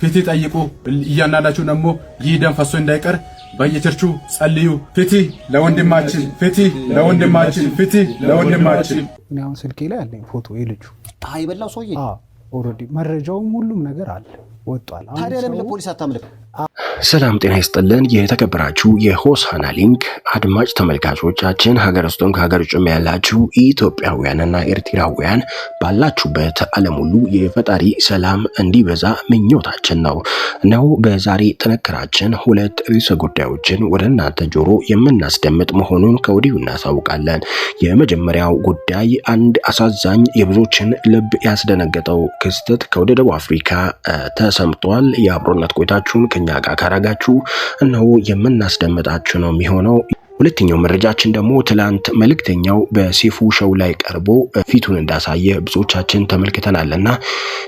ፍትህ ጠይቁ። እያንዳንዳችሁ ደግሞ ይህ ደም ፈሶ እንዳይቀር በየቸርቹ ጸልዩ። ፍትህ ለወንድማችን፣ ፍትህ ለወንድማችን፣ ፍትህ ለወንድማችን። እኔ አሁን ስልኬ ላይ አለኝ ፎቶ የልጁ የበላው ሰውዬ ኦልሬዲ መረጃውም ሁሉም ነገር አለ። ወጥቷል። ታዲያ ለምን ለፖሊስ አታምልም? ሰላም ጤና ይስጥልን። የተከበራችሁ የሆሳና ሊንክ አድማጭ ተመልካቾቻችን ሀገር ውስጥም ከሀገር ውጭም ያላችሁ ኢትዮጵያውያንና ኤርትራውያን ባላችሁበት ዓለም ሁሉ የፈጣሪ ሰላም እንዲበዛ ምኞታችን ነው ነው። በዛሬ ጥንክራችን ሁለት ርዕሰ ጉዳዮችን ወደ እናንተ ጆሮ የምናስደምጥ መሆኑን ከወዲሁ እናሳውቃለን። የመጀመሪያው ጉዳይ አንድ አሳዛኝ የብዙዎችን ልብ ያስደነገጠው ክስተት ከወደ ደቡብ አፍሪካ ተሰ ተሰምቷል። የአብሮነት ቆይታችሁን ከኛ ጋር ካረጋችሁ እነሆ የምናስደምጣችሁ ነው የሚሆነው። ሁለተኛው መረጃችን ደግሞ ትላንት መልእክተኛው በሴፉ ሾው ላይ ቀርቦ ፊቱን እንዳሳየ ብዙዎቻችን ተመልክተናል እና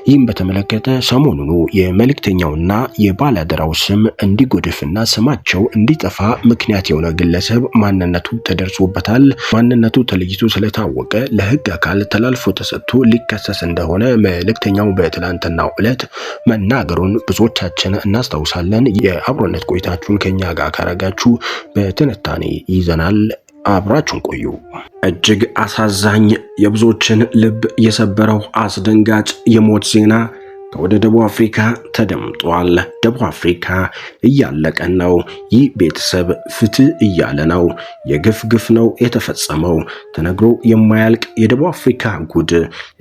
ይህም በተመለከተ ሰሞኑኑ የመልእክተኛውና የባላደራው ስም እንዲጎድፍና ስማቸው እንዲጠፋ ምክንያት የሆነ ግለሰብ ማንነቱ ተደርሶበታል። ማንነቱ ተለይቶ ስለታወቀ ለህግ አካል ተላልፎ ተሰጥቶ ሊከሰስ እንደሆነ መልእክተኛው በትላንትናው ዕለት መናገሩን ብዙዎቻችን እናስታውሳለን። የአብሮነት ቆይታችሁን ከኛ ጋር ካረጋችሁ በትንታኔ ይዘናል። አብራችሁን ቆዩ። እጅግ አሳዛኝ የብዙዎችን ልብ የሰበረው አስደንጋጭ የሞት ዜና ወደ ደቡብ አፍሪካ ተደምጧል። ደቡብ አፍሪካ እያለቀን ነው። ይህ ቤተሰብ ፍትህ እያለ ነው። የግፍ ግፍ ነው የተፈጸመው። ተነግሮ የማያልቅ የደቡብ አፍሪካ ጉድ፣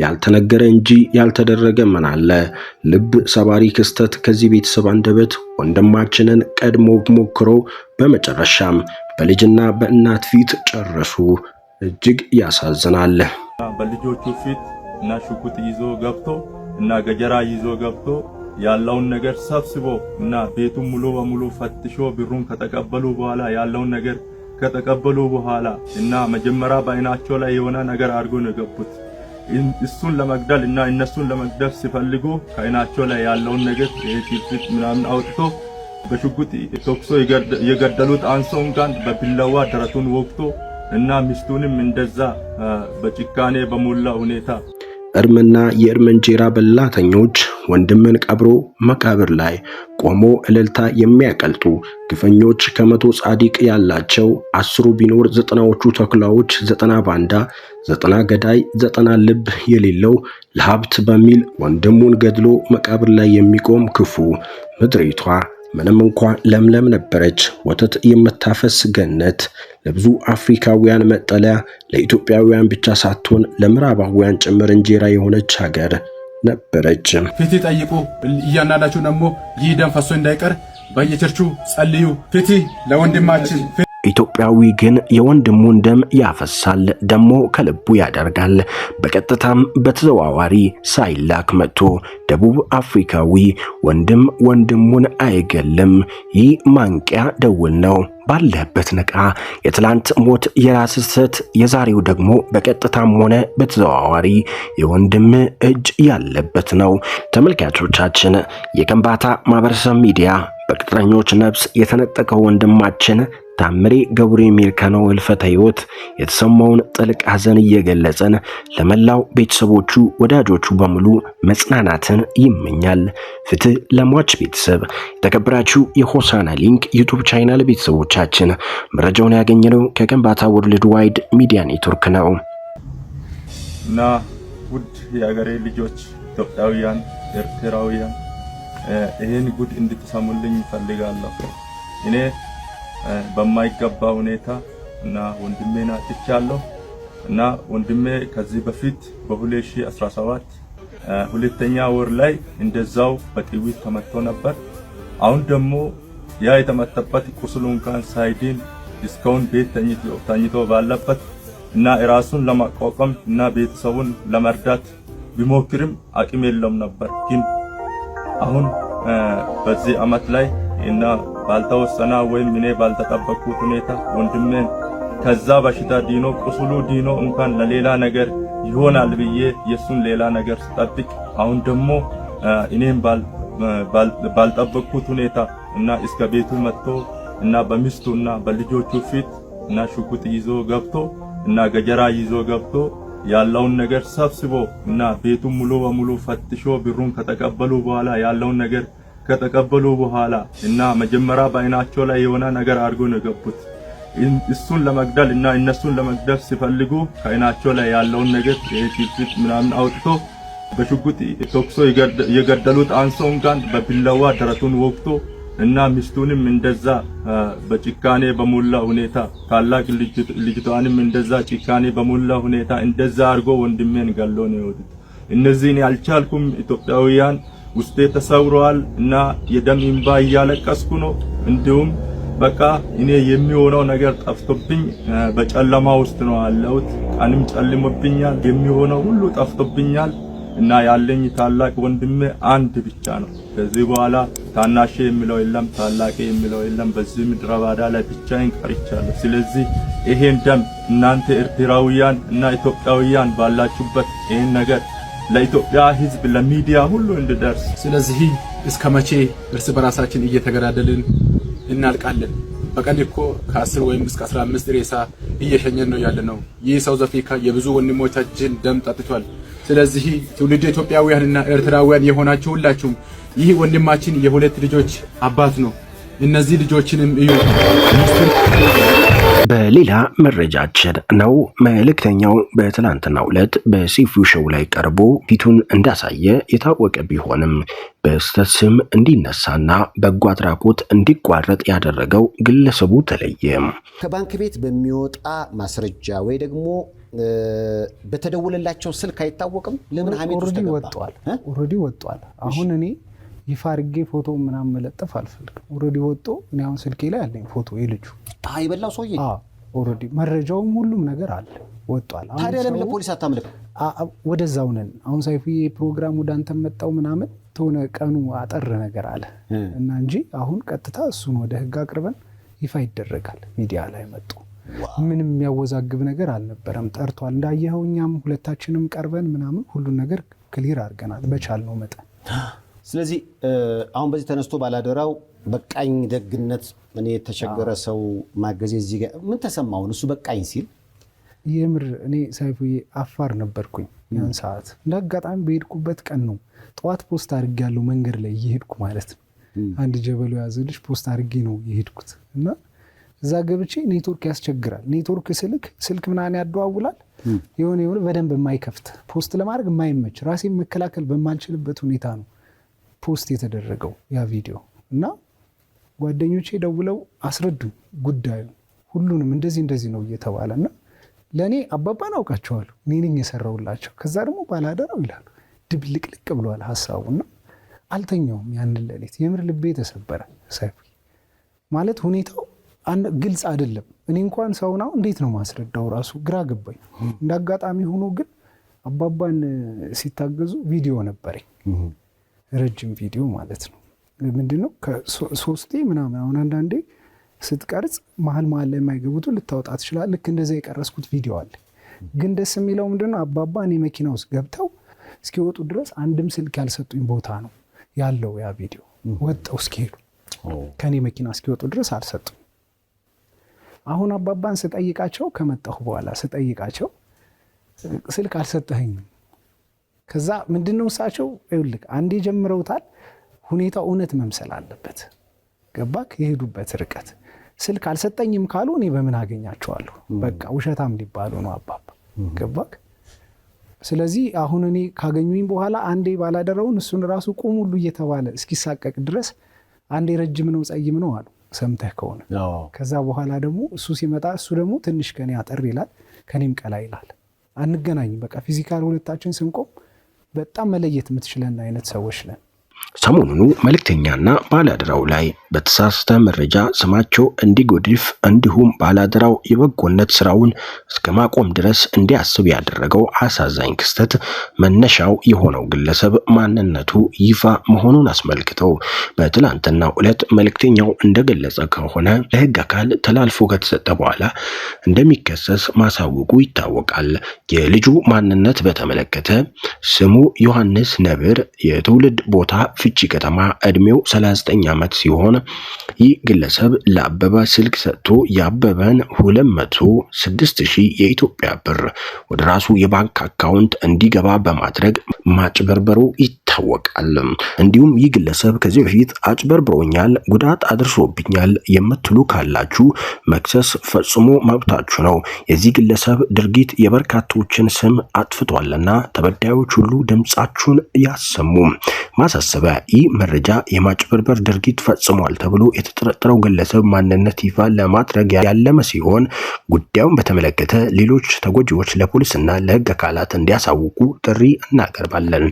ያልተነገረ እንጂ ያልተደረገ ምን አለ። ልብ ሰባሪ ክስተት ከዚህ ቤተሰብ አንደበት ወንድማችንን ቀድሞ ሞክሮ በመጨረሻም በልጅና በእናት ፊት ጨረሱ። እጅግ ያሳዝናል። በልጆቹ ፊት እና ሽጉጥ ይዞ ገብቶ እና ገጀራ ይዞ ገብቶ ያለውን ነገር ሰብስቦ እና ቤቱን ሙሉ በሙሉ ፈትሾ ብሩን ከተቀበሉ በኋላ ያለውን ነገር ከተቀበሉ በኋላ እና መጀመሪያ በአይናቸው ላይ የሆነ ነገር አድርጎ ነው የገቡት። እሱን ለመግደል እና እነሱን ለመግደል ሲፈልጉ ከአይናቸው ላይ ያለውን ነገር የፊት ምናምን አውጥቶ በሽጉጥ ተኩሶ የገደሉት አንሶን ጋር በቢላዋ ደረቱን ወቅቶ እና ሚስቱንም እንደዛ በጭካኔ በሞላ ሁኔታ እርምና የእርም እንጀራ በላተኞች ወንድምን ቀብሮ መቃብር ላይ ቆሞ እልልታ የሚያቀልጡ ግፈኞች ከመቶ ጻድቅ ያላቸው አስሩ ቢኖር ዘጠናዎቹ ተኩላዎች፣ ዘጠና ባንዳ፣ ዘጠና ገዳይ፣ ዘጠና ልብ የሌለው ለሀብት በሚል ወንድሙን ገድሎ መቃብር ላይ የሚቆም ክፉ ምድሪቷ ምንም እንኳ ለምለም ነበረች ወተት የምታፈስ ገነት፣ ለብዙ አፍሪካውያን መጠለያ፣ ለኢትዮጵያውያን ብቻ ሳትሆን ለምዕራባውያን ጭምር እንጀራ የሆነች ሀገር ነበረች። ፍትህ ጠይቁ እያንዳንዳችሁ ደግሞ ይህ ደም ፈሶ እንዳይቀር በየቸርቹ ጸልዩ። ፍትህ ለወንድማችን ኢትዮጵያዊ ግን የወንድሙን ደም ያፈሳል፣ ደሞ ከልቡ ያደርጋል። በቀጥታም በተዘዋዋሪ ሳይላክ መጥቶ ደቡብ አፍሪካዊ ወንድም ወንድሙን አይገልም። ይህ ማንቂያ ደውል ነው። ባለህበት ንቃ። የትላንት ሞት የራስ ስህተት፣ የዛሬው ደግሞ በቀጥታም ሆነ በተዘዋዋሪ የወንድም እጅ ያለበት ነው። ተመልካቾቻችን የከምባታ ማህበረሰብ ሚዲያ በቅጥረኞች ነፍስ የተነጠቀው ወንድማችን ታምሬ ገብሩ የሚልካነው ህልፈተ ህይወት የተሰማውን ጥልቅ ሐዘን እየገለጸን ለመላው ቤተሰቦቹ፣ ወዳጆቹ በሙሉ መጽናናትን ይመኛል። ፍትህ ለሟች ቤተሰብ። የተከበራችሁ የሆሳና ሊንክ ዩቱብ ቻናል ቤተሰቦቻችን መረጃውን ያገኘነው ከገንባታ ወርልድ ዋይድ ሚዲያ ኔትወርክ ነው እና ውድ የአገሬ ልጆች ኢትዮጵያውያን፣ ኤርትራውያን ይህን ጉድ እንድትሰሙልኝ ይፈልጋለሁ እኔ በማይገባ ሁኔታ እና ወንድሜን አጥቻለሁ እና ወንድሜ ከዚህ በፊት በ2017 ሁለተኛ ወር ላይ እንደዛው በጥይት ተመቶ ነበር። አሁን ደግሞ ያ የተመተበት ቁስሉ እንኳን ሳይድን እስካሁን ቤት ተኝቶ ባለበት እና ራሱን ለማቋቋም እና ቤተሰቡን ለመርዳት ቢሞክርም አቅም የለውም ነበር። ግን አሁን በዚህ አመት ላይ እና ባልተወሰና ወይም እኔ ባልተጠበቅኩት ሁኔታ ወንድሜን ከዛ በሽታ ዲኖ ቁስሉ ዲኖ እንኳን ለሌላ ነገር ይሆናል ብዬ የሱን ሌላ ነገር ስጠብቅ አሁን ደግሞ እኔም ባልጠበቅኩት ሁኔታ እና እስከ ቤቱ መጥቶ እና በሚስቱ እና በልጆቹ ፊት እና ሽጉጥ ይዞ ገብቶ እና ገጀራ ይዞ ገብቶ ያለውን ነገር ሰብስቦ እና ቤቱን ሙሉ በሙሉ ፈትሾ ብሩን ከተቀበሉ በኋላ ያለውን ነገር ከተቀበሉ በኋላ እና መጀመሪያ በአይናቸው ላይ የሆነ ነገር አድርጎ ነው የገቡት። እሱን ለመግደል እና እነሱን ለመግደል ሲፈልጉ ከአይናቸው ላይ ያለውን ነገር የቲፍት ምናምን አውጥቶ በሽጉጥ ተኩሶ የገደሉት አንሶን ጋን በቢላዋ ደረቱን ወቅቶ እና ሚስቱንም እንደዛ በጭካኔ በሞላ ሁኔታ ታላቅ ልጅቷንም እንደዛ ጭካኔ በሞላ ሁኔታ እንደዛ አድርጎ ወንድሜን ገሎ ነው የወጡት። እነዚህን ያልቻልኩም ኢትዮጵያውያን ውስጤ ተሰውረዋል እና የደም እንባ እያለቀስኩ ነው። እንዲሁም በቃ እኔ የሚሆነው ነገር ጠፍቶብኝ በጨለማ ውስጥ ነው ያለሁት። ቀንም ጨልሞብኛል። የሚሆነው ሁሉ ጠፍቶብኛል እና ያለኝ ታላቅ ወንድሜ አንድ ብቻ ነው። ከዚህ በኋላ ታናሽ የሚለው የለም፣ ታላቅ የሚለው የለም። በዚህ ምድረ ላይ ብቻዬን ቀርቻለሁ። ስለዚህ ይሄን ደም እናንተ ኤርትራውያን እና ኢትዮጵያውያን ባላችሁበት ይሄን ነገር ለኢትዮጵያ ሕዝብ ለሚዲያ ሁሉ እንድደርስ። ስለዚህ እስከ መቼ እርስ በራሳችን እየተገዳደልን እናልቃለን? በቀን እኮ ከ10 ወይም እስከ 15 ሬሳ እየሸኘን ነው ያለ ነው። ይህ ሳውዝ አፍሪካ የብዙ ወንድሞቻችን ደም ጠጥቷል። ስለዚህ ትውልድ ኢትዮጵያውያንና ኤርትራውያን የሆናችሁ ሁላችሁም ይህ ወንድማችን የሁለት ልጆች አባት ነው። እነዚህ ልጆችንም እዩ። በሌላ መረጃችን ነው መልእክተኛው በትላንትናው ዕለት በሲፉ ሾው ላይ ቀርቦ ፊቱን እንዳሳየ የታወቀ ቢሆንም በስተት ስም እንዲነሳና በጎ አድራጎት እንዲቋረጥ ያደረገው ግለሰቡ ተለየ። ከባንክ ቤት በሚወጣ ማስረጃ ወይ ደግሞ በተደወለላቸው ስልክ አይታወቅም። ለምን ሀሜት ውስጥ ወጥቷል? አሁን እኔ ይፋ አድርጌ ፎቶ ምናምን መለጠፍ አልፈልግም። ኦልሬዲ ወጦ እኔ አሁን ስልኬ ላይ አለኝ ፎቶ የልጁ የበላው ሰውዬ ኦልሬዲ መረጃውም ሁሉም ነገር አለ ወጧል። ታዲያ ለምን ለፖሊስ አታምልም? ወደዛው ነን አሁን ሳይፉ ፕሮግራም ወደ አንተ መጣው ምናምን ተሆነ ቀኑ አጠር ነገር አለ እና እንጂ አሁን ቀጥታ እሱን ወደ ህግ አቅርበን ይፋ ይደረጋል። ሚዲያ ላይ መጡ ምንም የሚያወዛግብ ነገር አልነበረም። ጠርቷል እንዳየኸው እኛም ሁለታችንም ቀርበን ምናምን ሁሉን ነገር ክሊር አድርገናል በቻልነው መጠን ስለዚህ አሁን በዚህ ተነስቶ ባላደራው በቃኝ ደግነት እኔ የተቸገረ ሰው ማገዜ እዚህ ጋር ምን ተሰማውን እሱ በቃኝ ሲል የምር እኔ ሰይፉዬ አፋር ነበርኩኝ ያን ሰዓት እንደ አጋጣሚ በሄድኩበት ቀን ነው ጠዋት ፖስት አድርጌ ያለው መንገድ ላይ እየሄድኩ ማለት ነው አንድ ጀበሎ ያዘ ልጅ ፖስት አድርጌ ነው የሄድኩት እና እዛ ገብቼ ኔትወርክ ያስቸግራል ኔትወርክ ስልክ ስልክ ምናምን ያደዋውላል የሆነ የሆነ በደንብ የማይከፍት ፖስት ለማድረግ የማይመች ራሴን መከላከል በማልችልበት ሁኔታ ነው ፖስት የተደረገው ያ ቪዲዮ እና ጓደኞቼ ደውለው አስረዱ ጉዳዩ ሁሉንም እንደዚህ እንደዚህ ነው እየተባለ እና ለእኔ አባባን አውቃቸዋለሁ ኔንኝ የሰራውላቸው ከዛ ደግሞ ባላደራው ይላሉ ድብልቅልቅ ብሏል ሀሳቡና አልተኛውም ያንን ለሌት የምር ልቤ ተሰበረ ሳይሆን ማለት ሁኔታው ግልጽ አይደለም እኔ እንኳን ሰውና እንዴት ነው ማስረዳው ራሱ ግራ ገባኝ እንደ አጋጣሚ ሆኖ ግን አባባን ሲታገዙ ቪዲዮ ነበረኝ ረጅም ቪዲዮ ማለት ነው። ምንድን ነው ሶስቴ ምናምን አሁን አንዳንዴ ስትቀርጽ መሀል መሀል ላይ የማይገቡቱ ልታወጣ ትችላል። ልክ እንደዚያ የቀረስኩት ቪዲዮ አለ። ግን ደስ የሚለው ምንድን ነው አባባ እኔ መኪና ውስጥ ገብተው እስኪወጡ ድረስ አንድም ስልክ ያልሰጡኝ ቦታ ነው ያለው ያ ቪዲዮ። ወጠው እስኪሄዱ ከእኔ መኪና እስኪወጡ ድረስ አልሰጡኝ። አሁን አባባን ስጠይቃቸው ከመጣሁ በኋላ ስጠይቃቸው ስልክ አልሰጠኝም ከዛ ምንድነው ነው እሳቸው ይኸውልህ አንዴ ጀምረውታል። ሁኔታው እውነት መምሰል አለበት። ገባክ? የሄዱበት ርቀት ስልክ አልሰጠኝም ካሉ እኔ በምን አገኛቸዋለሁ? በቃ ውሸታም ሊባሉ ነው አባባ። ገባክ? ስለዚህ አሁን እኔ ካገኙኝ በኋላ አንዴ ባላደረውን እሱን ራሱ ቁም ሁሉ እየተባለ እስኪሳቀቅ ድረስ አንዴ ረጅም ነው ጸይም ነው አሉ ሰምተህ ከሆነ ከዛ በኋላ ደግሞ እሱ ሲመጣ እሱ ደግሞ ትንሽ ከኔ አጠር ይላል፣ ከኔም ቀላ ይላል። አንገናኝም። በቃ ፊዚካል ሁለታችን ስንቆም በጣም መለየት የምትችለን አይነት ሰዎች ነን። ሰሞኑኑ መልእክተኛና ባለአደራው ላይ በተሳሳተ መረጃ ስማቸው እንዲጎድፍ እንዲሁም ባለአደራው የበጎነት ስራውን እስከ ማቆም ድረስ እንዲያስብ ያደረገው አሳዛኝ ክስተት መነሻው የሆነው ግለሰብ ማንነቱ ይፋ መሆኑን አስመልክተው በትላንትናው ዕለት መልእክተኛው እንደገለጸ ከሆነ ለህግ አካል ተላልፎ ከተሰጠ በኋላ እንደሚከሰስ ማሳወቁ ይታወቃል። የልጁ ማንነት በተመለከተ ስሙ ዮሐንስ ነብር፣ የትውልድ ቦታ ፍቺ ከተማ እድሜው 39 ዓመት ሲሆን ይህ ግለሰብ ለአበበ ስልክ ሰጥቶ የአበበን 206000 የኢትዮጵያ ብር ወደ ራሱ የባንክ አካውንት እንዲገባ በማድረግ ማጭበርበሩ ይታወቃል። እንዲሁም ይህ ግለሰብ ከዚህ በፊት አጭበርብሮኛል፣ ጉዳት አድርሶብኛል የምትሉ ካላችሁ መክሰስ ፈጽሞ መብታችሁ ነው። የዚህ ግለሰብ ድርጊት የበርካቶችን ስም አጥፍቷልና ተበዳዮች ሁሉ ድምጻችሁን ያሰሙ። ማሳሰቢያ፣ ይህ መረጃ የማጭበርበር ድርጊት ፈጽሟል ተብሎ የተጠረጠረው ግለሰብ ማንነት ይፋ ለማድረግ ያለመ ሲሆን ጉዳዩን በተመለከተ ሌሎች ተጎጂዎች ለፖሊስና ለሕግ አካላት እንዲያሳውቁ ጥሪ እናቀርባለን።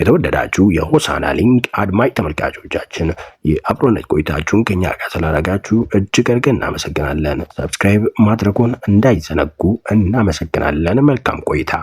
የተወደዳችሁ የሆሳና ሊንክ አድማጭ ተመልካቾቻችን የአብሮነት ቆይታችሁን ከኛ ጋር ስላደረጋችሁ እጅግ አድርገን እናመሰግናለን። ሰብስክራይብ ማድረጉን እንዳይዘነጉ እናመሰግናለን። መልካም ቆይታ